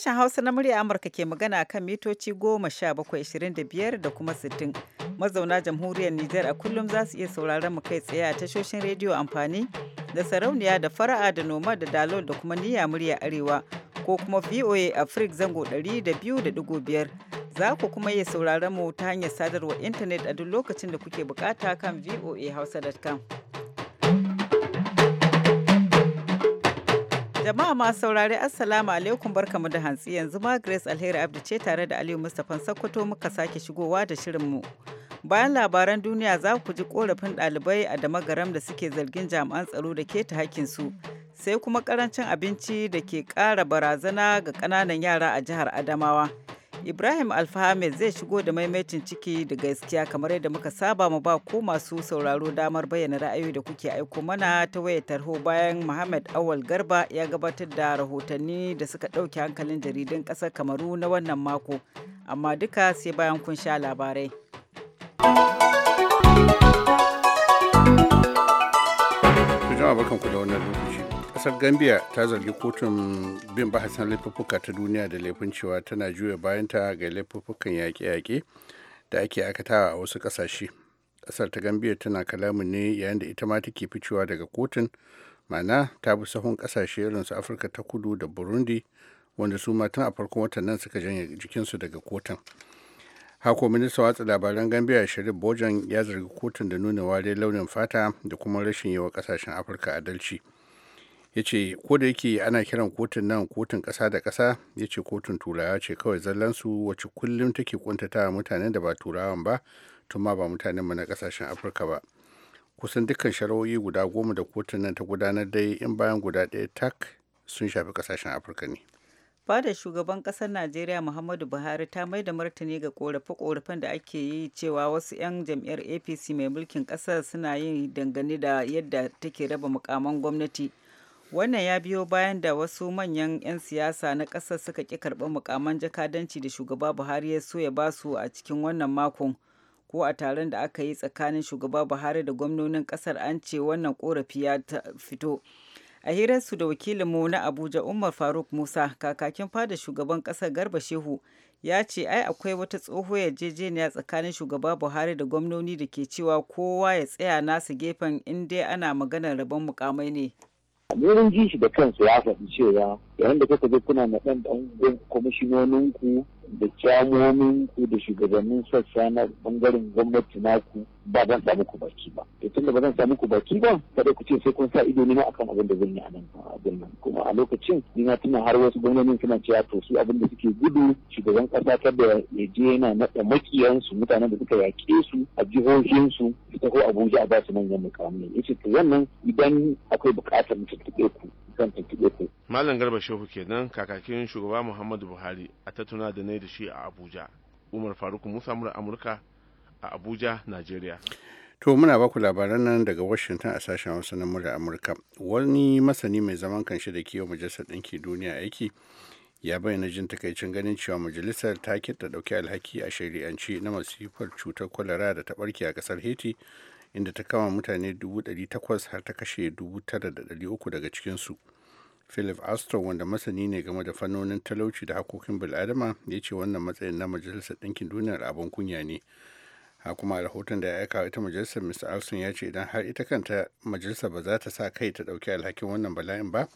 Sashen Hausa na murya Amurka ke magana kan mitoci goma sha bakwai da biyar da kuma sittin. Mazauna jamhuriyar Nijar a kullum za su iya sauraron mu kai tsaye a tashoshin rediyo amfani da sarauniya da fara'a da noma da dalol da kuma niyya murya arewa ko kuma VOA Africa zango 200.5 za ku kuma iya sauraron mu ta hanyar sadarwar intanet a duk lokacin da kuke bukata kan voahausa.com. Jama'a masu saurare Assalamu alaikum barkamu da hantsi yanzu ma Grace Alheri Abdu ce tare da Aliyu Mustapha Sokoto muka sake shigowa da shirin mu Bayan labaran duniya za ku ji korafin ɗalibai a damagaram da suke zargin jami'an tsaro da keta su sai kuma ƙarancin abinci da ke ƙara barazana ga ƙananan yara a jihar Adamawa. Ibrahim Alfahamed zai shigo da maimaitin ciki da gaskiya kamar yadda muka saba mu ba ko masu sauraro damar bayyana ra'ayoyi da kuke aiko mana ta wayar tarho bayan Muhammad Awal Garba ya gabatar da rahotanni da suka ɗauke hankalin jaridun ƙasar Kamaru na wannan mako. Amma duka sai bayan kun sha labarai. Jama'a barkanku da wannan lokaci. kasar gambia ta zargi kotun bin bahasan laifuffuka ta duniya da laifin cewa tana juya bayanta ga laifuffukan yaƙe-yaƙe da ake akatawa a wasu ƙasashe ƙasar ta gambia tana kalamin ne yayin da ita ma take ficewa daga kotun mana ta bi sahun ƙasashe irin afirka ta kudu da burundi wanda su ma tun a farkon watan nan suka janye jikinsu daga kotun hako minista watsa labaran gambia sharif bojan ya zargi kotun da nuna ware launin fata da kuma rashin yi wa ƙasashen afirka adalci ya ce ko ana kiran kotun nan kotun kasa da ƙasa ya ce kotun turawa ce kawai zallansu wacce kullum take kuntata mutanen da ba turawan ba tun ma ba mutanen mu na ƙasashen afirka ba kusan dukkan shari'o'i guda goma da kotun nan ta gudanar dai in bayan guda ɗaya tak sun shafi ƙasashen afirka ne fadar shugaban kasar najeriya muhammadu buhari ta mai da martani ga korafe-korafen da ake yi cewa wasu 'yan jam'iyyar apc mai mulkin kasar suna yin dangane da yadda take raba mukaman gwamnati Wannan ya biyo bayan da wasu manyan 'yan siyasa na ƙasar suka ƙi karɓar mukaman jakadanci da shugaba Buhari ya so ya basu a cikin wannan makon ko a taron da aka yi tsakanin shugaba Buhari da gwamnonin ƙasar an ce wannan ƙorafi ya fito. A hirarsu da wakilinmu na Abuja Umar Faruk Musa kakakin fada shugaban ƙasar Garba Shehu ya ce ai akwai wata tsoho yarjejeniya tsakanin shugaba Buhari da gwamnoni da ke cewa kowa ya tsaya nasa gefen in dai ana maganar rabon mukamai ne. 无人机起的正水啊，强比气球 yayin da kuka je kuna na ɗan ɗan kwamishinoninku da jamominku da shugabannin sassa na bangaren gwamnati naku ba zan samu ku baki ba to da ba zan samu ku baki ba kada ku ce sai kun sa ido na akan abin da zan yi a nan abin nan kuma a lokacin ni na tuna har wasu gwamnonin suna cewa to su abin da suke gudu shugaban kasa kada ya je yana naɗa makiyansu mutanen da suka yaƙe su a jihohinsu su taho Abuja a ba su manyan mukamai ita to wannan idan akwai buƙatar mu ku tuntuɓe ku malam garba shehu kenan kakakin shugaba muhammadu buhari a tattuna da na da shi a abuja umar faruk musa mura amurka a abuja najeriya. to muna baku labaran nan daga washington a sashen hausa na mura amurka wani masani mai zaman kanshi da kiwo majalisar ɗinki duniya aiki ya bayyana jin takaicin ganin cewa majalisar ta kitta ɗauki alhaki a shari'anci na masifar cutar kwalara da ta ɓarke a ƙasar haiti inda ta kama mutane takwas har ta kashe 9,300 daga cikinsu. su philip astro wanda masani ne game da fannonin talauci da hakokin bil'adama ya ce wannan matsayin na majalisar ɗinkin duniyar abin kunya ne a kuma rahoton da ya aika ita majalisar mr alson ya ce idan har ita kanta majalisar ba za ta sa kai ta ɗauki alhakin wannan bala'in ba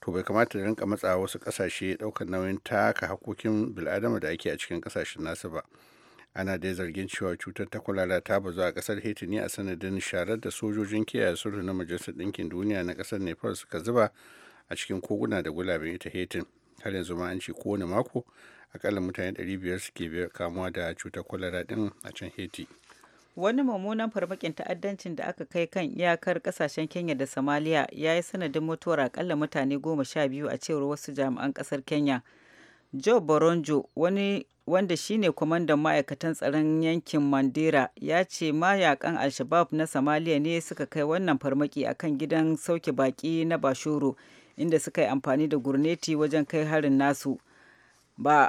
to bai kamata da rinka matsa wasu ƙasashe ɗaukar nauyin taka hakokin bil'adama da ake a cikin ƙasashen nasu ba ana dai zargin cewa cutar ta kwalala ta bazu a ƙasar haiti ne a sanadin sharar da sojojin kiyaye sulhu na majalisar ɗinkin duniya na kasar nepal suka zuba a cikin koguna da gulaben ita hetin har yanzu ma an ce kowane mako akalla mutane 500 suke kamuwa da cutar kwalara din a can haiti wani mummunan farmakin ta'addancin da aka kai kan iyakar kasashen kenya da somalia ya yi sanadin mutuwar akalla mutane goma sha biyu a cewar wasu jami'an kasar kenya joe boronjo wani wanda shine kwamandan ma'aikatan tsaron yankin mandera ya ce mayakan al-shabab na somalia ne suka kai wannan farmaki akan gidan sauke baki na bashoro inda suka yi amfani da gurneti wajen kai harin nasu ba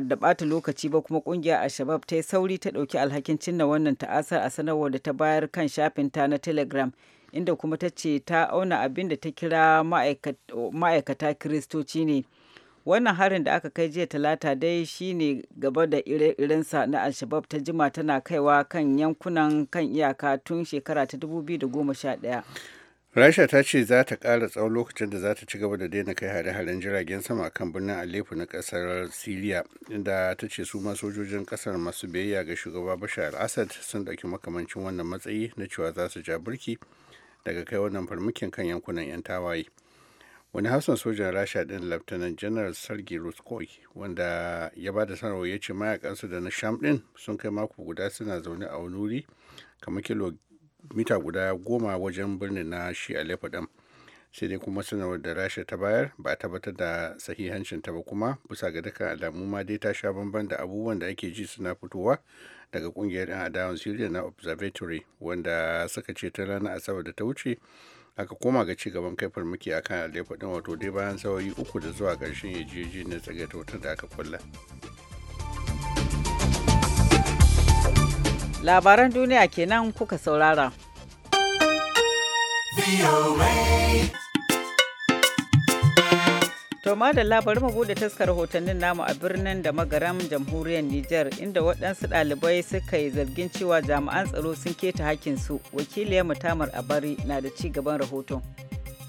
da bata lokaci ba kuma kungiyar al-shabab ta yi sauri ta ɗauki alhakin cinna wannan ta'asar a sanarwar da ta bayar kan shafin ta na telegram inda kuma ta ce ta auna abin da ta kira ma'aikata kiristoci ne wannan harin da aka kai jiya talata dai shine gaba da ire-irensa na alshabab ta jima tana kaiwa kan yankunan kan iyaka tun shekara ta 2011 rasha ta ce za ta ƙara tsawon lokacin da za ta ci gaba da daina kai hare-haren jiragen sama kan birnin aleppo na ƙasar syria inda ta ce su ma sojojin ƙasar masu biyayya ga shugaba bashar al-assad sun ɗauki makamancin wannan matsayi na cewa za su ja burki daga kai wannan farmakin kan yankunan 'yan tawaye wani hafsan sojan rasha ɗin laftanan janar sergei ruskoy wanda ya ba da sanarwa ya ce mayakansu da na sham din sun kai mako guda suna zaune a wani wuri kamar mita guda goma wajen birnin na shi Aleppo ɗin. Sai dai kuma sanarwar da Rasha ta bayar ba a tabbatar da sahihancin ta ba kuma bisa ga dukkan alamu ma dai ta sha bamban da abubuwan da ake ji suna fitowa daga kungiyar 'yan adawan Syria na Observatory wanda suka ce ta ranar Asabar da ta wuce aka koma ga ci gaban kai farmaki kan kan ɗin wato dai bayan sawayi uku da zuwa ƙarshen yajeji na tsagaita wutar da aka kulla. labaran duniya kenan kuka saurara. To da bari mu bude taskar rahotannin namu a birnin da magaram jamhuriyar Nijar inda waɗansu ɗalibai suka yi zargin cewa jami'an tsaro sun keta hakkinsu wakiliyar mutamar abari na da ci gaban rahoton.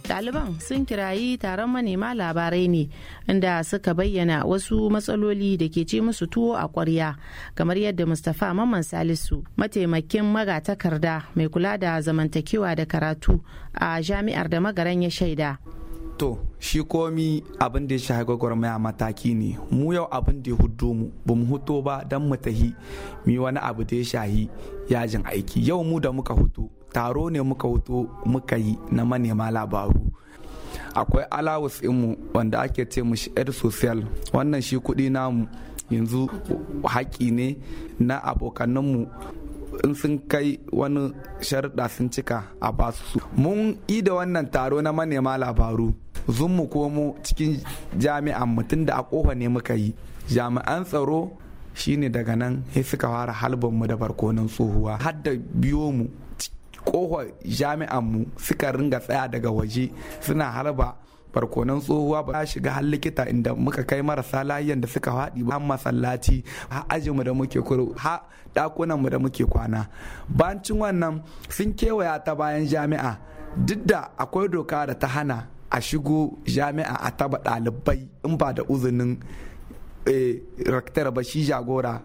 ɗaliban sun kirayi taron manema labarai ne inda suka bayyana wasu matsaloli da ke ce musu tuwo a kwarya kamar yadda mustapha mamman salisu mataimakin magatakarda mai kula da zamantakewa da karatu a jami'ar da magaran ya shaida to shi komi abin da ya shahi gwagwarmaya mataki ne mu yau abin da ya hudu mu ba mu huto ba don mu tahi mu wani abu da ya shahi yajin aiki yau mu da muka hutu taro ne muka wuto muka yi na manema labaru akwai alawus inmu wanda ake ce mushi ed social wannan shi kuɗi namu yanzu haƙi ne na abokanninmu in sun kai wani sharuɗa sun cika a basu mun yi da wannan taro na manema labaru zun mu komo cikin jami'an mutum da a ƙofa ne muka yi jami'an tsaro shine daga nan sai suka fara halbanmu da barkonon tsohuwa har biyo mu kohar jami'an mu suka ringa tsaya daga waje suna harba barkonan tsohuwa ba shiga har likita inda muka kai marasa layin da suka haɗi ba masallaci ha mu da muke kuro ha mu da muke kwana bancin wannan sun kewaya ta bayan jami'a duk da akwai doka da ta hana a shigo jami'a a taba ɗalibai in ba da uzunin Eh, raktar ba shi jagora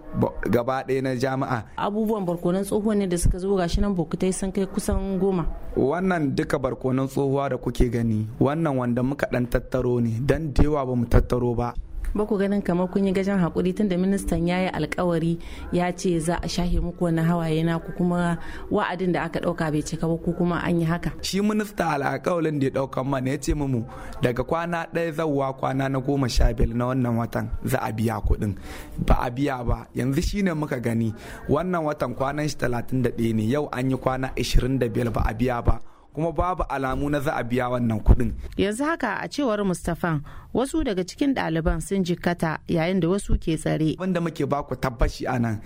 gaba ɗaya na jami'a abubuwan barkonan tsohuwa ne da suka zo gashi nan bokutai sun kai kusan goma wannan duka barkonan tsohuwa da kuke gani wannan wanda muka ɗan tattaro ne dan da yawa ba mu tattaro ba ba ku ganin kamar kun yi gajen hakuri tunda ministan ya yi alkawari ya ce za a shahe muku wani hawaye na ku kuma wa'adin da aka ɗauka bai cika ba ku kuma an yi haka shi minista alkawalin da ya ɗauka mana ya ce mu daga kwana ɗaya zawa kwana na goma sha biyar na wannan watan za a biya kuɗin ba a biya ba yanzu shine muka gani wannan watan kwanan shi talatin da ɗaya ne yau an yi kwana ashirin da biyar ba a biya ba kuma babu alamu na za a biya wannan kuɗin. yanzu haka a cewar mustapha wasu daga cikin ɗaliban sun jikkata yayin da wasu ke tsare wanda muke baku tabbashi a nan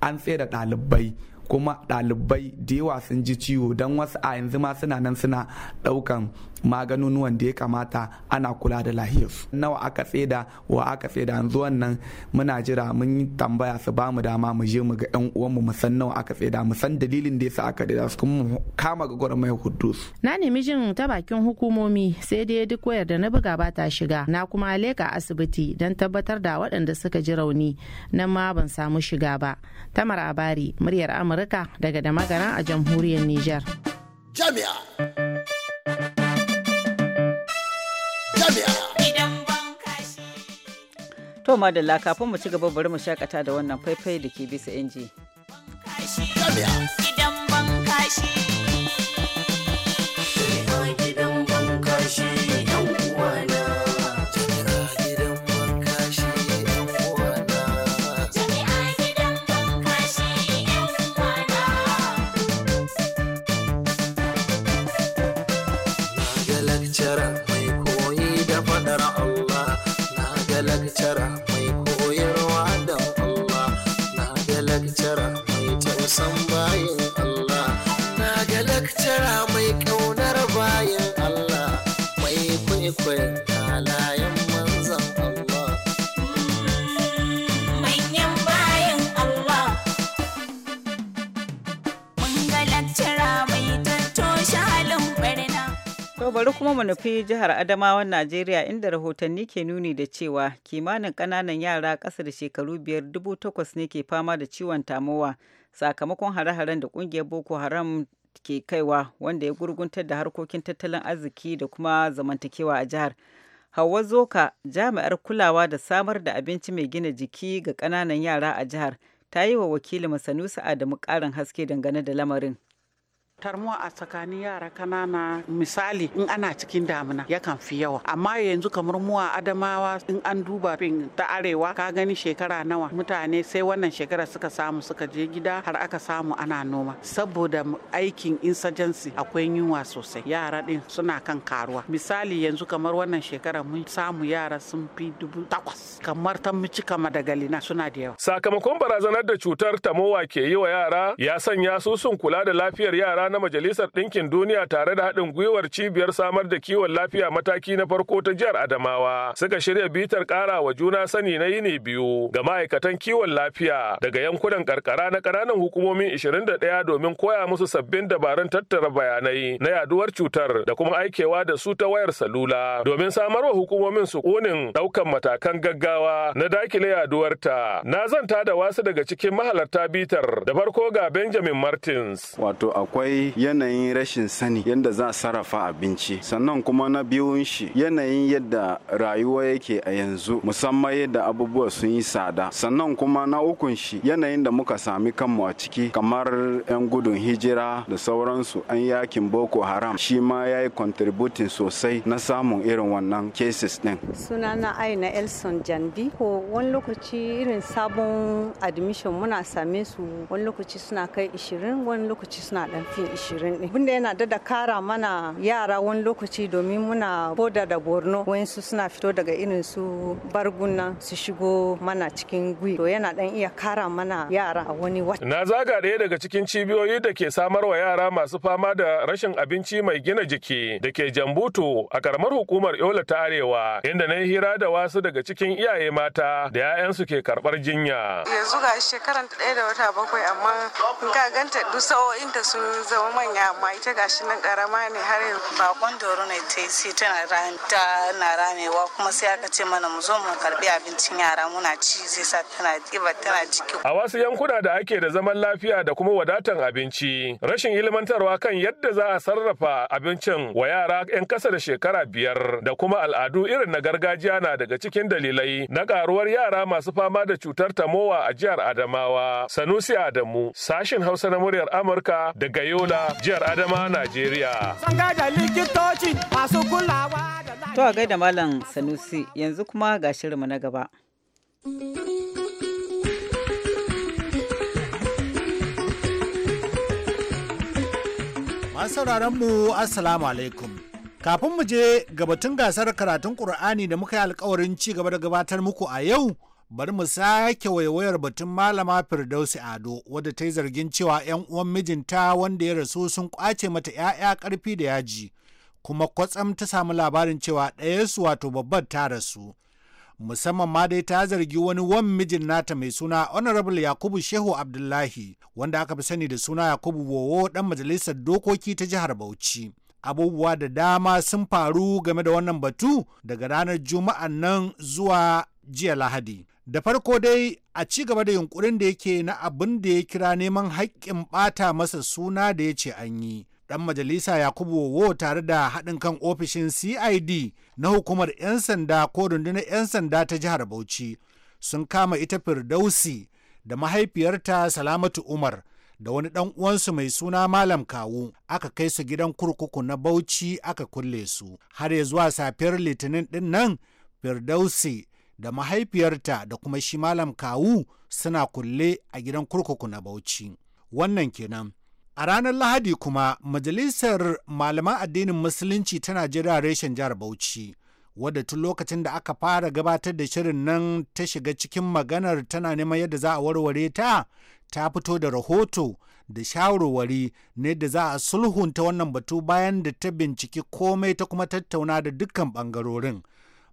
an tsere ɗalibai kuma ɗalibai da yawa sun ji ciwo don wasu a yanzu ma suna nan suna ɗaukan maganunuwan da ya kamata ana kula da lahiyarsu nawa aka tseda wa aka tseda yanzu wannan muna jira mun tambaya su bamu dama mu je mu ga yan uwanmu mu san nawa aka tseda mu san dalilin da yasa aka tseda su kuma mu kama ga gwara mai hudu na nemi jin ta bakin hukumomi sai dai duk wayar da na buga ba ta shiga na kuma leka asibiti don tabbatar da waɗanda suka ji rauni nan ma ban samu shiga ba tamar abari muryar amurka daga da magana a jamhuriyar niger jami'a To Madalla kafin mu ci gaba bari mu shakata da wannan faifai da ke bisa inji. Idan ban kashi. mu nufi jihar Adamawan Najeriya inda rahotanni ke nuni da cewa kimanin ƙananan yara ƙasa da shekaru biyar dubu takwas ne ke fama da ciwon tamowa sakamakon hare-haren da ƙungiyar Boko Haram ke kaiwa wanda ya gurguntar da harkokin tattalin arziki da kuma zamantakewa a jihar. Hauwa Zoka jami'ar kulawa da samar da abinci mai gina jiki ga ƙananan yara a jihar ta yi wa wakilin Sanusi Adamu ƙarin haske dangane da lamarin. tarmuwa a tsakanin yara kanana misali in ana cikin damina yakan fi yawa amma yanzu kamar mu adamawa in an duba fin ta arewa ka gani shekara nawa mutane sai wannan shekara suka samu suka je gida har aka samu ana noma saboda aikin insurgency akwai yunwa sosai yara din suna kan karuwa misali yanzu kamar wannan shekara mun samu yara sun fi dubu takwas kamar ta mici kama da galina suna da yawa sakamakon barazanar da cutar tamowa ke yi wa yara ya sanya su sun kula da lafiyar yara na Majalisar Ɗinkin Duniya tare da haɗin gwiwar cibiyar samar da kiwon lafiya mataki na farko ta jihar Adamawa suka shirya bitar ƙara wa juna sani na yini biyu ga ma'aikatan kiwon lafiya daga yankunan karkara na ƙananan hukumomin 21 domin koya musu sabbin dabarun tattara bayanai na yaduwar cutar da kuma aikewa da su ta wayar salula domin samar wa hukumomin su ƙunin ɗaukan matakan gaggawa na dakile yaduwarta. Na zanta da wasu daga cikin mahalarta bitar da farko ga Benjamin Martins. Wato akwai yanayin rashin sani yadda za a sarrafa abinci sannan kuma na biyun shi yanayin yadda rayuwa yake a yanzu musamman yadda abubuwa sun yi tsada sannan kuma na ukun shi yanayin da muka sami kanmu a ciki kamar 'yan gudun hijira da sauransu an yakin boko haram shi ma ya yi contributing sosai na samun irin wannan cases din sunana aina elson jandi ko wani lokaci irin sabon admission muna same su wani lokaci suna kai 20 wani lokaci suna dan minti 20 ne bunda yana dada kara mana yara wani lokaci domin muna boda da borno wayansu suna fito daga irin su barguna su shigo mana cikin gwi to yana dan iya kara mana yara a wani wata na zaga ɗaya daga cikin cibiyoyi da ke samar wa yara masu fama da rashin abinci mai gina jiki da ke jambuto a karamar hukumar yola ta arewa inda na yi hira da wasu daga cikin iyaye mata da 'ya'yansu ke karbar jinya yanzu ga shekaran ɗaya da wata bakwai amma in ka ganta duk sa'o'inta sun zama manya amma ita gashi nan karama ne har bakon doro ne ta yi tana ranewa na ramewa kuma sai aka ce mana mu zo mu karbi abincin yara muna ci zai sa tana ɗiba tana jiki. A wasu yankuna da ake da zaman lafiya da kuma wadatan abinci rashin ilmantarwa kan yadda za a sarrafa abincin wa yara 'yan kasa da shekara biyar da kuma al'adu irin na gargajiya na daga cikin dalilai na karuwar yara masu fama da cutar tamowa a jihar Adamawa. Sanusi Adamu sashin Hausa na muryar Amurka daga yau Yola, jihar Adama, Najeriya. Sanga da likitoci masu kulawa da To a gaida Malam Sanusi yanzu kuma ga shirinmu na gaba. Masu sauraron mu Assalamu alaikum. Kafin mu je gabatun gasar karatun Ƙur'ani da muka yi alkawarin ci gaba da gabatar muku a yau, bari mu sake waiwayar batun malama firdausi ado wadda ta yi zargin cewa 'yan uwan mijinta wanda ya rasu sun kwace mata 'ya'ya karfi da yaji kuma kwatsam ta samu labarin cewa ɗaya su wato babbar ta rasu musamman ma dai ta zargi wani wan mijin nata mai suna honorable yakubu shehu abdullahi wanda aka fi sani da suna yakubu wowo dan majalisar dokoki ta jihar bauchi abubuwa da dama sun faru game da wannan batu daga ranar juma'an nan zuwa jiya lahadi da farko dai a ci gaba da yunkurin da yake na abin da ya kira neman haƙƙin ɓata masa suna da ya ce an yi ɗan majalisa yakubu wowo tare da haɗin kan ofishin cid na hukumar 'yan sanda ko rundunar 'yan sanda ta jihar bauchi sun kama ita firdausi da mahaifiyarta salamatu umar da wani ɗan uwansu mai suna malam kawu aka kai su gidan kurkuku na bauchi aka kulle su har ya zuwa safiyar litinin ɗin nan firdausi da mahaifiyarta da kuma shi malam kawu suna kulle a gidan kurkuku na Bauchi. Wannan kenan. A ranar Lahadi kuma Majalisar Malaman Addinin Musulunci ta Najeriya reshen jihar Bauchi, wadda tun lokacin da aka fara gabatar da shirin nan ta shiga cikin maganar tana neman yadda za a warware ta, ta fito da rahoto da shawarwari ne da za a sulhunta wannan batu bayan da ta binciki komai ta kuma tattauna da dukkan bangarorin.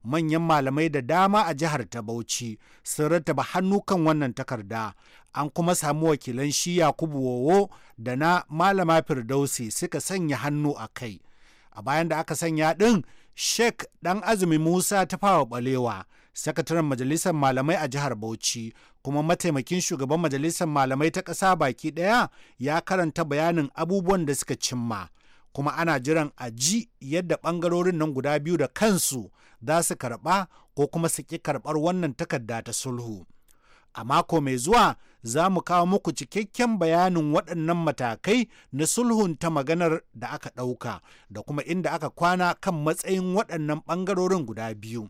manyan malamai da dama a jihar ta Bauchi sun rattaba hannu kan wannan takarda. An kuma samu wakilan shi Yakubu Wowo da na Malama Firdausi suka sanya hannu a kai. A bayan da aka sanya ɗin, Sheikh ɗan azumi Musa ta fawa ɓalewa, sakataren majalisar malamai a jihar Bauchi, kuma mataimakin shugaban majalisar malamai ta ƙasa baki ɗaya ya karanta bayanin abubuwan da suka cimma. kuma ana jiran a ji yadda ɓangarorin nan guda biyu da kansu za su karɓa ko kuma su ƙi karɓar wannan takarda ta sulhu. A mako mai zuwa za mu kawo muku cikakken bayanin waɗannan matakai na sulhun ta maganar da aka ɗauka da kuma inda aka kwana kan matsayin waɗannan ɓangarorin guda biyu.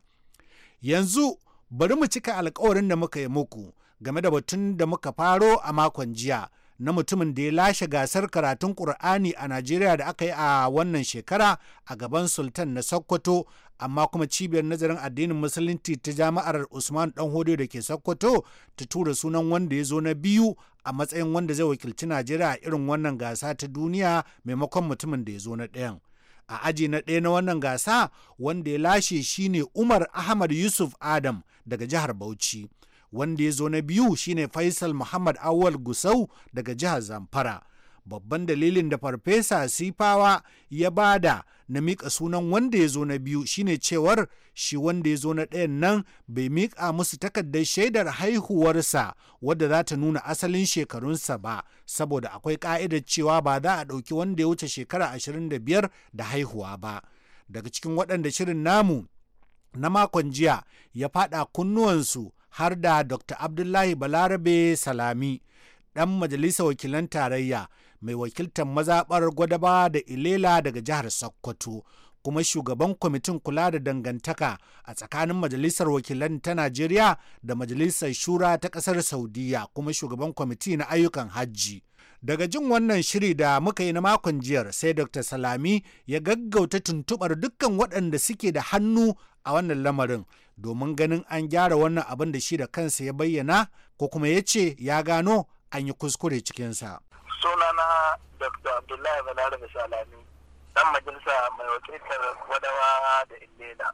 Yanzu bari mu cika alkawarin da muka yi muku game da batun da muka faro a makon jiya na mutumin da ya lashe gasar karatun Ƙur'ani a Najeriya da aka yi a wannan shekara a gaban Sultan na Sokoto, amma kuma cibiyar nazarin addinin Musulunci ta jami'ar Usman Hodo da ke Sokoto ta tura sunan wanda ya zo na biyu a matsayin wanda zai wakilci Najeriya a irin wannan gasa ta duniya maimakon mutumin da ya zo na ɗayan. a aji na ɗaya na wannan gasa wanda ya lashe shine Umar Ahmad Yusuf Adam daga jihar Bauchi. wanda ya zo na biyu shine faisal muhammad awal gusau daga jihar zamfara babban dalilin da farfesa sifawa ya bada na miƙa sunan wanda ya zo na biyu shine cewar shi wanda ya zo na ɗayan nan bai miƙa musu takardar shaidar haihuwarsa wadda za ta nuna asalin shekarunsa ba saboda akwai ƙa'idar cewa ba za a ɗauki wanda ya wuce shekara 25 da haihuwa ba daga cikin waɗanda shirin namu na makon jiya ya faɗa kunnuwansu har da Dr. Abdullahi Balarabe Salami, ɗan majalisa wakilan tarayya mai wakiltar mazaɓar gwadaba da Ilela daga jihar Sokoto. kuma shugaban kwamitin kula da dangantaka a tsakanin majalisar wakilan ta najeriya da majalisar shura ta ƙasar saudiya kuma shugaban kwamiti na ayyukan hajji daga jin wannan shiri da muka yi na makon jiyar sai dr salami ya gaggauta tuntubar dukkan waɗanda suke da hannu a wannan lamarin domin ganin an gyara wannan abin da shi da kansa ya bayyana ko kuma ya ce ya gano an yi kuskure cikinsa. sunana dr abdullahi rufe salami dan majalisa mai wakiltar wadawa da illela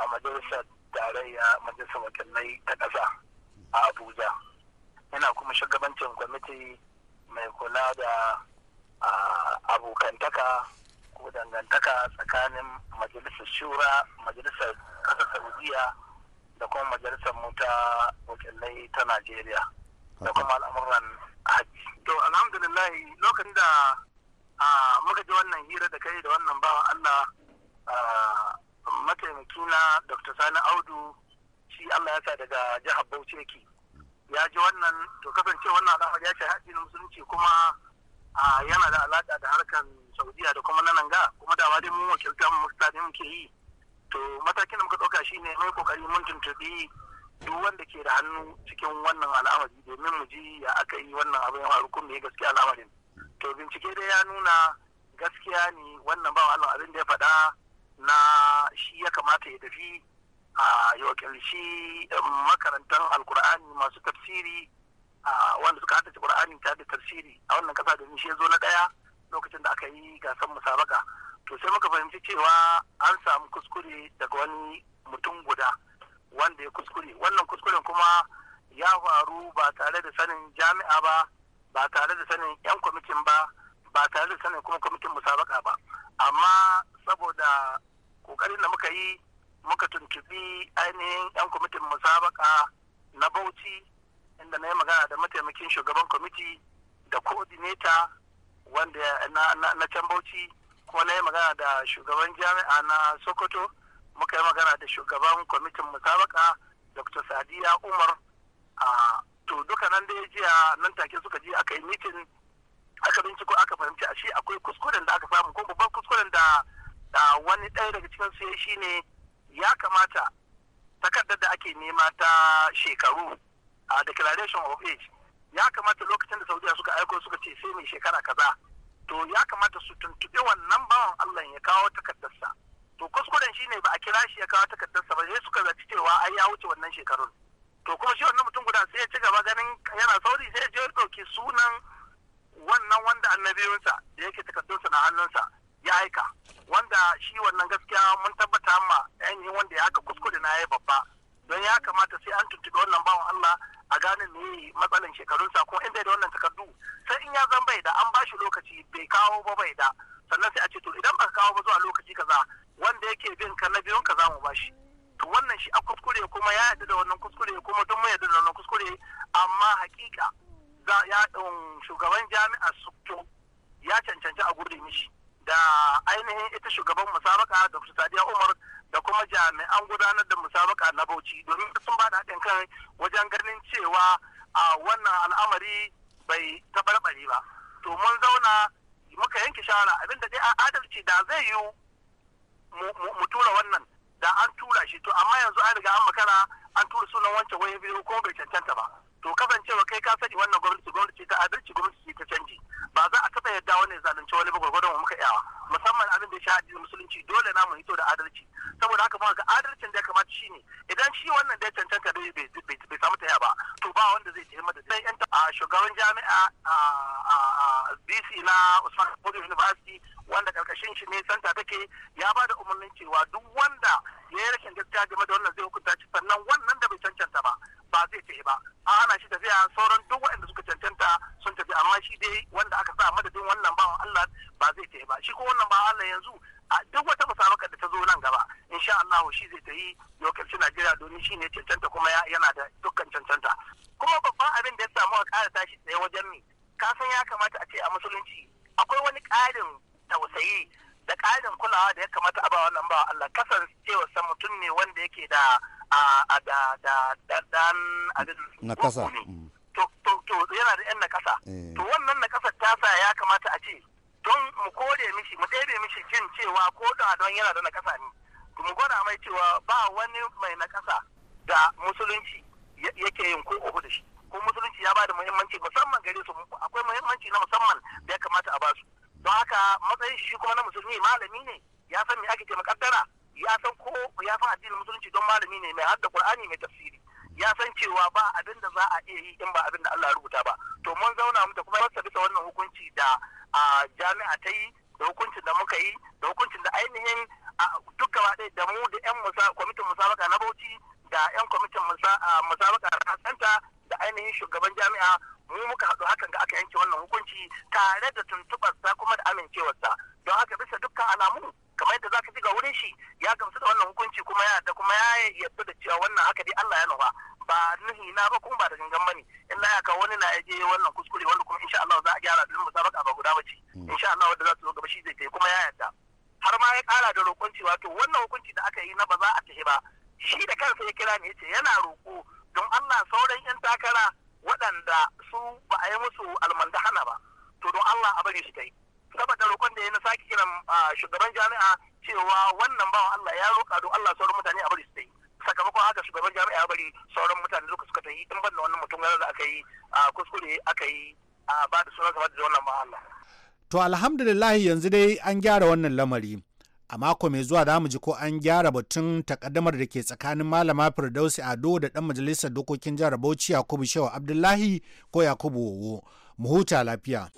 a majalisar tarayya majalisar wakilai ta kasa a abuja yana kuma shugabancin kwamiti mai kula da abokantaka ko dangantaka tsakanin majalisar shura majalisar saudiya da kuma majalisar mu ta wakilai ta najeriya da kuma al'amuran haji to alhamdulillah lokacin da muka ji wannan hira da kai da wannan bawa, allah mataimaki na dr sani audu shi allah ya sa daga jihar bauchi yake ya ji wannan to kasance wannan alamar ya ce na musulunci kuma yana da alaƙa da harkar saudiya da kuma na nan ga kuma da dai mun wakilta mu muke yi to matakin da muka ɗauka ne mai kokari mun tuntuɓi duk wanda ke da hannu cikin wannan al'amari domin mu ji ya aka yi wannan abin ya faru kuma gaskiya al'amarin to bincike dai ya nuna gaskiya ne wannan ba Allah abin da ya faɗa na shi ya kamata ya tafi a ya wakilci um, makarantar alkur'ani masu tafsiri wanda suka haɗa ƙurani ta da tafsiri a wannan kasa domin shi ya zo na ɗaya lokacin da aka yi gasar musabaka to sai muka fahimci cewa an samu kuskure daga wani mutum guda wanda ya kuskure wannan kuskuren kuma ya faru ba tare da sanin jami'a ba ba tare da sanin 'yan kwamitin ba ba tare da sanin kuma kwamitin musabaka ba amma saboda kokarin da muka yi muka tuntubi ainihin 'yan kwamitin musabaka na bauchi inda na yi magana da mataimakin shugaban kwamiti da coordinator wanda na, na can bauchi kuma na yi magana da shugaban jami'a na sokoto muka yi magana da shugaban kwamitin musabaka dr sadiya umar a to duka nan da ya jiya nan take suka ji aka yi mitin aka binciko aka fahimci a shi akwai kuskuren da aka samu ko babban kuskuren da wani ɗaya daga cikin su shine ya kamata takardar da ake nema ta shekaru a declaration of age ya kamata lokacin da saudiya suka aiko suka ce sai mai shekara kaza to ya kamata su tuntuɓi wannan bawan Allah ya kawo takardarsa to kuskuren shi ne ba a kira shi ya kawo takardarsa ba sai suka zaci cewa ai ya wuce wannan shekarun to kuma shi wannan mutum guda sai ya ci gaba ganin yana sauri sai ya je ɗauki sunan wannan wanda annabiyunsa da yake takardunsa na hannunsa ya aika wanda shi wannan gaskiya mun tabbata ma ainihin wanda ya aka kuskure na ya yi babba don ya kamata sai an tuntuɓi wannan bawan Allah a gane me matsalan shekarun sa ko in bai da wannan takardu sai in ya zan bai da an bashi lokaci bai kawo ba bai da sannan sai a ce to idan baka kawo ba zuwa lokaci kaza wanda yake bin ka na biyun ka za mu bashi to wannan shi a kuskure kuma ya yarda da wannan kuskure kuma duk mu yadda da wannan kuskure amma hakika za ya um, shugaban jami'a su ya cancanci a gurin mishi da ainihin ita shugaban musabaka da sadiya umar da kuma jami'an gudanar da musabaka na bauchi domin sun ba da haɗin kai wajen ganin cewa a wannan al'amari bai tabarbare ba to mun zauna muka yanke shawara da dai adalci da zai yi mu tura wannan da an tura shi to amma yanzu an riga an makara an tura sunan wancan wani biyu ko bai cancanta ba to kasancewa kai ka sani wannan gwamnati gwamnati ta adalci gwamnati ta canji ba za a taɓa yadda wani zalunci wani ba gwargwadon wa muka yawa musamman abin da ya da musulunci dole na mu hito da adalci saboda haka ma ga adalcin da ya kamata shi ne idan shi wannan da ya cancanta bai samu ta ba to ba wanda zai ce mata sai yan shugaban jami'a a BC na Usman University wanda karkashin shi ne santa take ya ba da umarnin cewa duk wanda ya yi rashin gaskiya game da wannan zai hukunta shi sannan wannan da bai cancanta ba ba zai tafi ba a ana shi tafiya sauran duk waɗanda suka cancanta sun tafi amma shi dai wanda aka sa madadin wannan bawan Allah ba zai tafi ba shi ko wannan ba Allah yanzu a duk wata musabakar da ta zo nan gaba insha Allah shi zai tafi ya wakilci Najeriya domin shi ne cancanta kuma yana da dukkan cancanta kuma babban abin da ya samu a ƙara tashi tsaye wajen ne kasan ya kamata a ce a musulunci akwai wani ƙarin tausayi da ƙarin kulawa da ya kamata a ba wannan ba Allah kasancewa san mutum ne wanda yake da a da da dan na kasa mm. to yana da yan kasa eh. to wannan kasa ta sa ya kamata a ce don mu kore mishi mu tsere mishi jin cewa ko da don yana da nakasa ne mu gwada mai cewa ba wani mai nakasa da musulunci yake yin ko uku da shi ko musulunci ya ba da muhimmanci musamman gare su akwai muhimmanci na musamman da ya kamata a basu don haka matsayin shi kuma na musulmi malami ne ya san me ake ce makaddara ya san ko ya san addinin musulunci don malami ne mai hadda qur'ani mai tafsiri ya san cewa ba abin da za a iya yi in ba abin da Allah ya rubuta ba to mun zauna mu da kuma wasa bisa wannan hukunci da jami'a ta yi da hukuncin da muka yi da hukuncin da ainihin duk gaba ɗaya da mu da yan kwamitin musabaka na Bauchi da yan kwamitin musabaka na Santa da ainihin shugaban jami'a mu muka haɗu hakan ga aka yanke wannan hukunci tare da sa kuma da amincewarsa don haka bisa dukkan alamu kamar yadda zaka ji ga wurin shi ya gamsu da wannan hukunci kuma ya da kuma ya yarda da cewa wannan haka dai Allah ya nufa ba nuhi na ba kuma ba da gangan bane in la ya kawo wani na je wannan kuskure wanda kuma insha Allah za a gyara din musabaka ba guda bace hmm. insha Allah wanda za su zo gaba shi zai kai kuma ya yarda har ma ya kara da roƙon wato wannan hukunci da aka yi na ba za a tafi ba shi da kansa ya kira ne ce yana roƙo don Allah sauran yan takara waɗanda su ba a yi musu almanda hana ba to don Allah a bari su kai saboda roƙon da ya na sake kiran shugaban jami'a cewa wannan bawa Allah ya roƙa don Allah sauran mutane a bari su kai sakamakon haka shugaban jami'a ya bari sauran mutane duka suka tafi in ban da wannan mutum da aka yi kuskure aka yi ba da sunan da wannan bawan Allah to alhamdulillah yanzu dai an gyara wannan lamari a mako mai zuwa za ji ko an gyara batun takaddamar da ke tsakanin malama firdausi ado da dan majalisar dokokin jihar bauchi yakubu shehu abdullahi ko yakubu wowo mu huta lafiya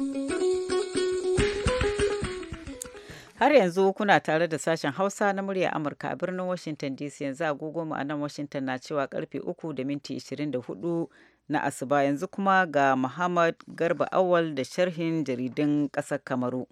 har yanzu kuna tare da sashen hausa na murya amurka a birnin washington dc yanzu agogo mu a nan washington na cewa karfe 3 da minti 24 na asuba yanzu kuma ga muhammad garba awal da sharhin jaridun kasar kamaru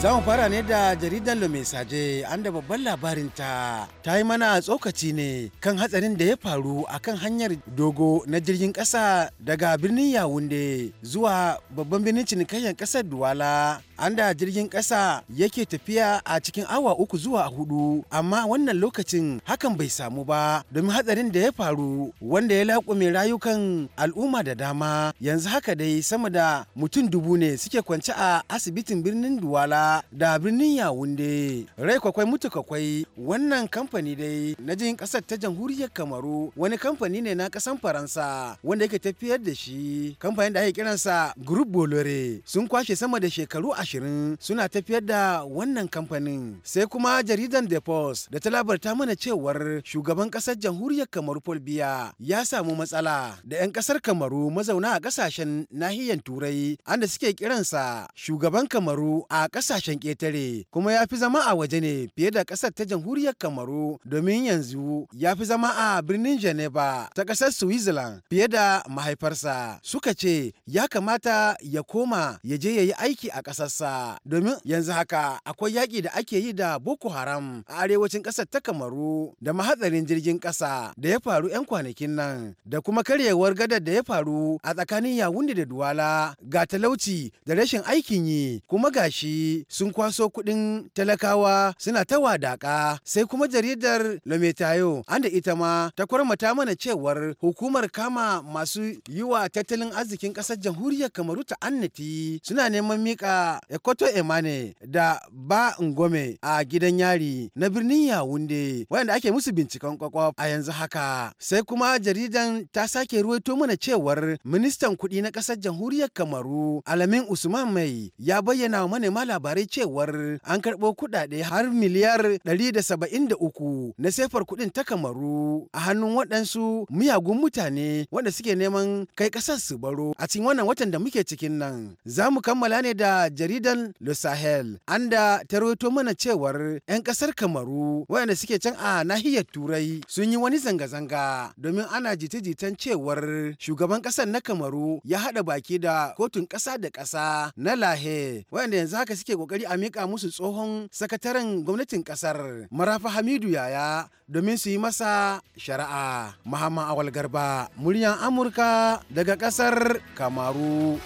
Za mu fara ne da jaridar Lumesaje an da babban labarinta ta yi mana tsokaci ne kan hatsarin da ya faru a kan hanyar dogo na jirgin ƙasa daga birnin Yawunde zuwa babban birnin cinikayyar ƙasar Duwala an da jirgin ƙasa yake tafiya a cikin awa uku zuwa hudu amma wannan lokacin hakan bai samu ba domin hatsarin da ya faru wanda ya laƙume rayukan al'umma da dama yanzu haka dai sama da mutum dubu ne suke kwance a asibitin birnin duwala da birnin yawunde rai kwakwai mutu kwakwai wannan kamfani dai na jirgin ƙasar ta jamhuriyar kamaru wani kamfani ne na ƙasan faransa wanda yake tafiyar da shi kamfanin da ake kiransa group bolore sun kwashe sama da shekaru ashirin ashirin suna tafiyar da wannan kamfanin sai kuma jaridan the post da ta labarta mana cewar shugaban kasar jamhuriyar kamaru paul ya samu matsala da 'yan kasar kamaru mazauna a kasashen nahiyar turai anda suke kiransa shugaban kamaru a kasashen ketare kuma ya fi zama a waje ne fiye da kasar ta jamhuriyar kamaru domin yanzu ya fi zama a birnin geneva ta kasar switzerland fiye da mahaifarsa suka ce ya kamata ya koma ya je ya yi aiki a kasarsa. ƙasarsa domin yanzu haka akwai yaƙi da ake yi da boko haram a arewacin ƙasar ta kamaru da mahatsarin jirgin ƙasa da ya faru 'yan kwanakin nan da kuma karyewar gadar da ya faru a tsakanin yawundi da duwala ga talauci da rashin aikin yi kuma gashi sun kwaso kuɗin talakawa suna ta wadaƙa sai kuma jaridar lometayo an da ita ma ta kwarmata mana cewar hukumar kama masu yi wa tattalin arzikin ƙasar jamhuriyar kamaru ta annati suna neman mika Ekoto Emane da Ba Ngome a gidan yari na birnin Yawunde wanda ake musu binciken kwakwaf a yanzu haka. Sai kuma jaridan ta sake ruwaito mana cewar ministan kuɗi na ƙasar jamhuriyar Kamaru Alamin Usman Mai ya bayyana wa manema labarai cewar an karɓo kuɗaɗe har miliyar 173 na sefar kuɗin ta Kamaru a hannun waɗansu miyagun mutane wanda suke neman kai ƙasar su baro a cikin wannan watan da muke cikin nan. Za mu kammala ne da jaridan Le Sahel an da ta rawaito mana cewar 'yan kasar Kamaru wayanda suke can a nahiyar Turai sun yi wani zanga-zanga domin ana jita-jitan cewar shugaban ƙasar na Kamaru ya haɗa baki da kotun ƙasa da ƙasa na Lahe wayanda yanzu haka suke ƙoƙari a miƙa musu tsohon sakataren gwamnatin ƙasar Marafa Hamidu Yaya domin su yi masa shari'a. Muhammad Awal Garba, muryan Amurka daga ƙasar Kamaru.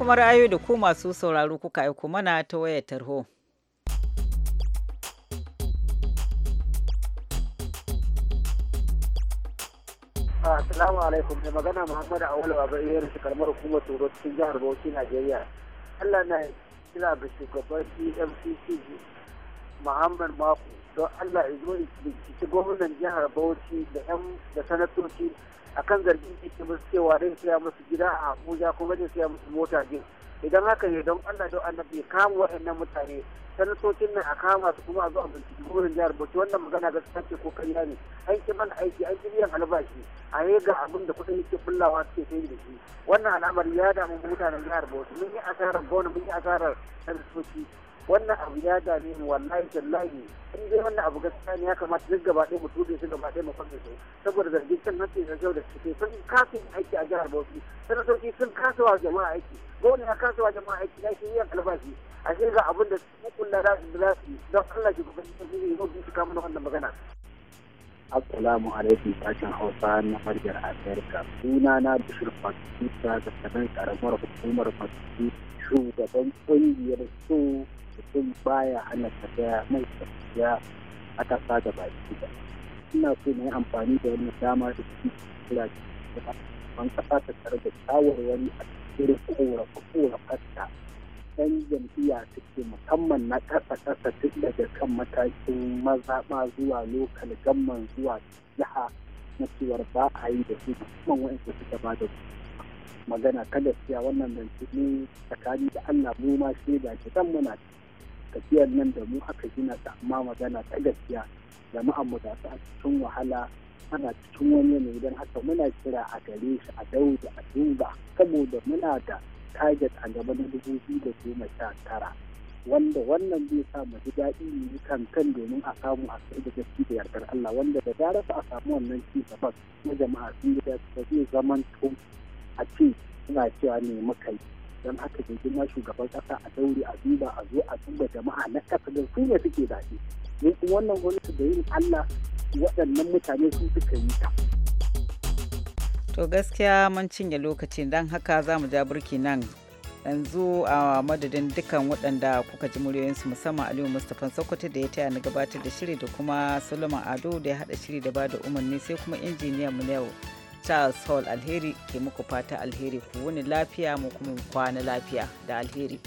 kuma ra'ayoyi da ku masu sauraro kuka aiko mana ta wayar tarho. Assalamu alaikum da magana Muhammadu Awul Baba Iyar shekarmar hukumar Turo cikin jihar Bauchi Najeriya. Allah na kira ga shugaban PMCC Muhammad Mako don Allah ya zo binciki gwamnan jihar Bauchi da yan da sanatoci akan zargin da ke musu cewa zai saya musu gida a Abuja kuma zai saya musu mota jin. idan haka ne don Allah don annabi ya kama waɗannan mutane sanatocin nan a kama su kuma a zo a binciki gwamnan jihar Bauchi wannan magana gaskiya ce ko ne an ki mana aiki an ki biyan albashi a yi ga abin da kuɗin yake bullawa suke sai da shi wannan al'amari ya damu mutanen jihar Bauchi mun yi asarar gona mun yi asarar sanatoci wannan abu ya dame ni wallahi tallahi in dai wannan abu gaskiya ne ya kamata duk gaba ɗaya mutum ne su gaba ɗaya mu fara su saboda zargin kan nan da yau da suke sun kasu aiki a jihar Bauchi sanatoci sun kasa wa jama'a aiki gwamnati ya kasa wa jama'a aiki na shi yin albashi a shi ga abin da hukunna za su za su don Allah ki kuma shi ne yau su kama na wannan magana. Assalamu alaikum sashen Hausa na Marjar Afirka. Suna na Bishir Fatuta da kadan karamar hukumar Fatuta shugaban kungiyar su mutum baya hana ka mai tafiya a kasa da baki da ina so na yi amfani da wani dama da su kira da ban kasa ta tare da shawarwari a cikin korafa korafata yan jam'iyya suke musamman na kasa kasa duk daga kan matakin mazaɓa zuwa lokal gamman zuwa jiha na cewar ba a yi da su musamman wa'insu suka ba da magana kada gaskiya wannan nan ne tsakani da Allah mu ma shaida ke san muna tafiyar nan da mu aka gina ta amma magana ta gaskiya jama'an mu da a cikin wahala ana cikin wani yanayi don haka muna kira a gare shi a dauda a duba saboda muna da target a gaba na dubu biyu da goma sha tara wanda wannan zai sa mu ji daɗi mu yi kan domin a samu a sai da gaske da yardar Allah wanda da zarar a samu wannan ci gaban na jama'a sun yi da zai zama to a ce suna cewa ne muka yi don haka da girma shugaban kasa a dauri a duba a zo a duba jama'a na kasa da su ne suke zaɓe ne kuma wannan gwamnati da yin allah waɗannan mutane su suka yi ta. to gaskiya mun cinye lokaci don haka za mu ja burki nan yanzu a madadin dukkan waɗanda kuka ji muryoyinsu musamman aliyu mustapha sokoto da ya taya na gabatar da shiri da kuma solomon ado da ya haɗa shiri da bada umarni sai kuma injiniyan mu na yau Charles Hall Alheri ke muku fata alheri ku wuni lafiya mu kuma kwana lafiya da alheri.